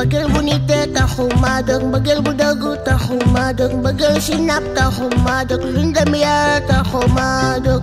mbëggeel bu nitee taxu maa dog mbëggeel bu taxu maa dog mbëggeel si taxu maa dog luñ dem yaa taxu maa dog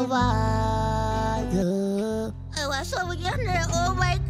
over. I was so young, oh my God.